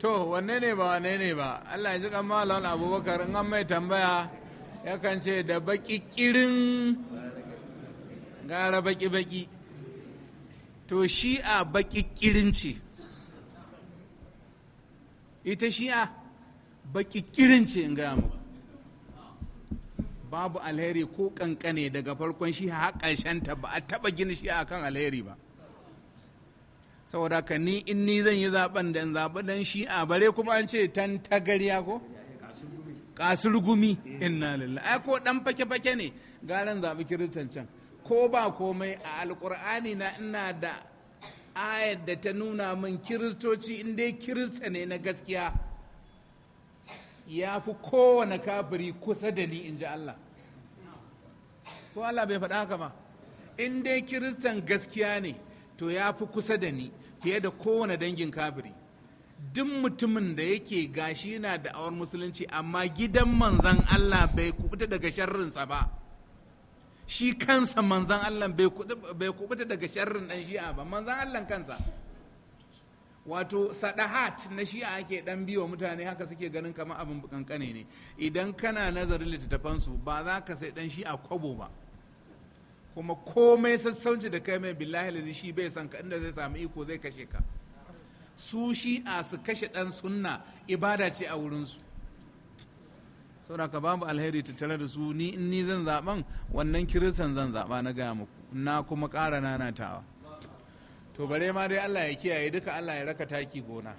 to wanne ne ba wanne ne ba allah ya ji kan malam abubakar in an mai tambaya yakan ce da baki kirin gara baki baki to shi'a baki kirin ce ita shi'a baki kirin ce in gaya babu alheri ko kankane daga farkon shi'a har ta ba a taba gina shi'a kan alheri ba saboda ka ni in ni zan yi zaben da zaɓi dan a bare kuma an ce tan tagariya ko kasur gumi inna lillahi ai ko dan fake fake ne garan zaɓi kiristan can ko ba komai a alkur'ani na ina da ayar da ta nuna min kiristoci in dai kirista ne na gaskiya ya fi kowane kafiri kusa da ni in ji Allah ko Allah bai faɗa haka ba in dai kiristan gaskiya ne to ya fi kusa da ni fiye da kowane dangin kabiri. duk mutumin da yake gashi na da awar musulunci amma gidan manzan Allah bai kubuta daga sharrinsa ba shi kansa manzan Allah bai kubuta daga sharrin dan shi'a ba manzan Allah kansa wato sadahat na shi'a ake dan biwa mutane haka suke ganin kamar abin kankane ne idan kana nazarin littattafansu ba za ka sai dan shi'a kwabo ba kuma komai sassauci da kai mai billahi lazi shi bai san ka inda zai samu iko zai kashe ka su a su kashe ɗan sunna ibada ce a wurinsu saboda babu alheri tattare da su ni in ni zan zaɓen wannan kiristan zan zaɓa na gaya muku na kuma ƙara nanatawa to bare ma dai Allah ya kiyaye duka Allah ya raka taki gona